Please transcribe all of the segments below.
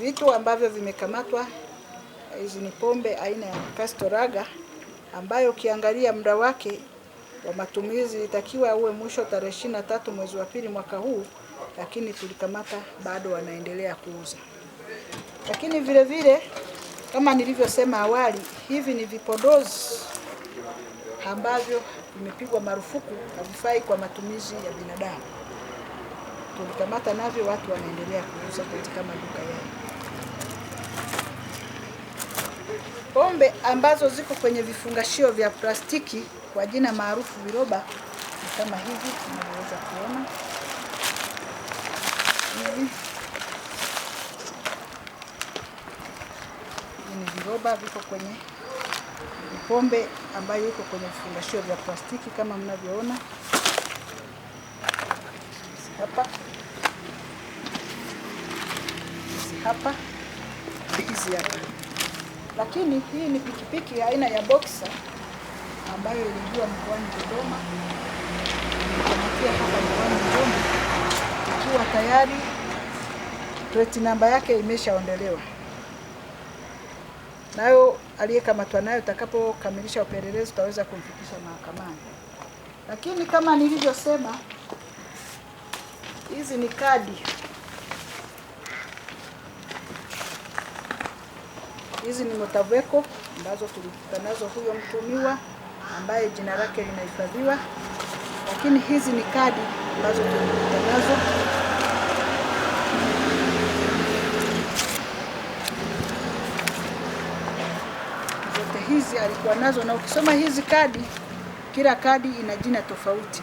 Vitu ambavyo vimekamatwa hizi ni pombe aina ya Castoraga ambayo ukiangalia muda wake wa matumizi ilitakiwa uwe mwisho tarehe ishirini na tatu mwezi wa pili mwaka huu, lakini tulikamata bado wanaendelea kuuza. Lakini vile vile kama nilivyosema awali, hivi ni vipodozi ambavyo vimepigwa marufuku, havifai kwa matumizi ya binadamu tulikamata navyo, watu wanaendelea kuuza katika maduka yao. Pombe ambazo ziko kwenye vifungashio vya plastiki kwa jina maarufu viroba ni kama hivi unavyoweza kuona hivi ni viroba viko kwenye pombe ambayo iko kwenye vifungashio vya plastiki kama mnavyoona. hapa hizi hapa, lakini hii ni pikipiki aina ya boxer ambayo ilijua mkoani Dodoma hapa mkoani Dodoma ikiwa tayari plate namba yake imeshaondolewa, nayo aliyekamatwa nayo takapokamilisha upelelezi utaweza kumfikisha mahakamani. Lakini kama nilivyosema, hizi ni kadi Hizi ni Motaveko ambazo tulikuta nazo huyo mtumiwa ambaye jina lake linahifadhiwa, lakini hizi ni kadi ambazo tulikuta nazo zote hizi alikuwa nazo, na ukisoma hizi kadi, kila kadi ina jina tofauti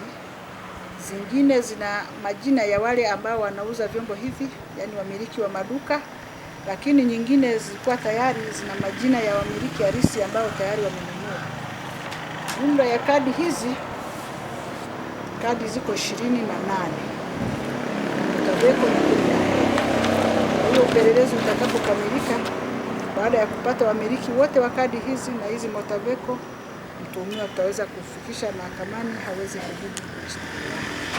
zingine zina majina ya wale ambao wanauza vyombo hivi, yani wamiliki wa maduka lakini nyingine zilikuwa tayari zina majina ya wamiliki halisi ambao tayari wamenunua. Jumla ya kadi hizi, kadi ziko ishirini na nane Mtabeko na kumi na hiyo upelelezi utakapokamilika, baada ya kupata wamiliki wote wa kadi hizi na hizi motabeko mtuhumiwa utaweza kufikisha mahakamani, hawezi kujibu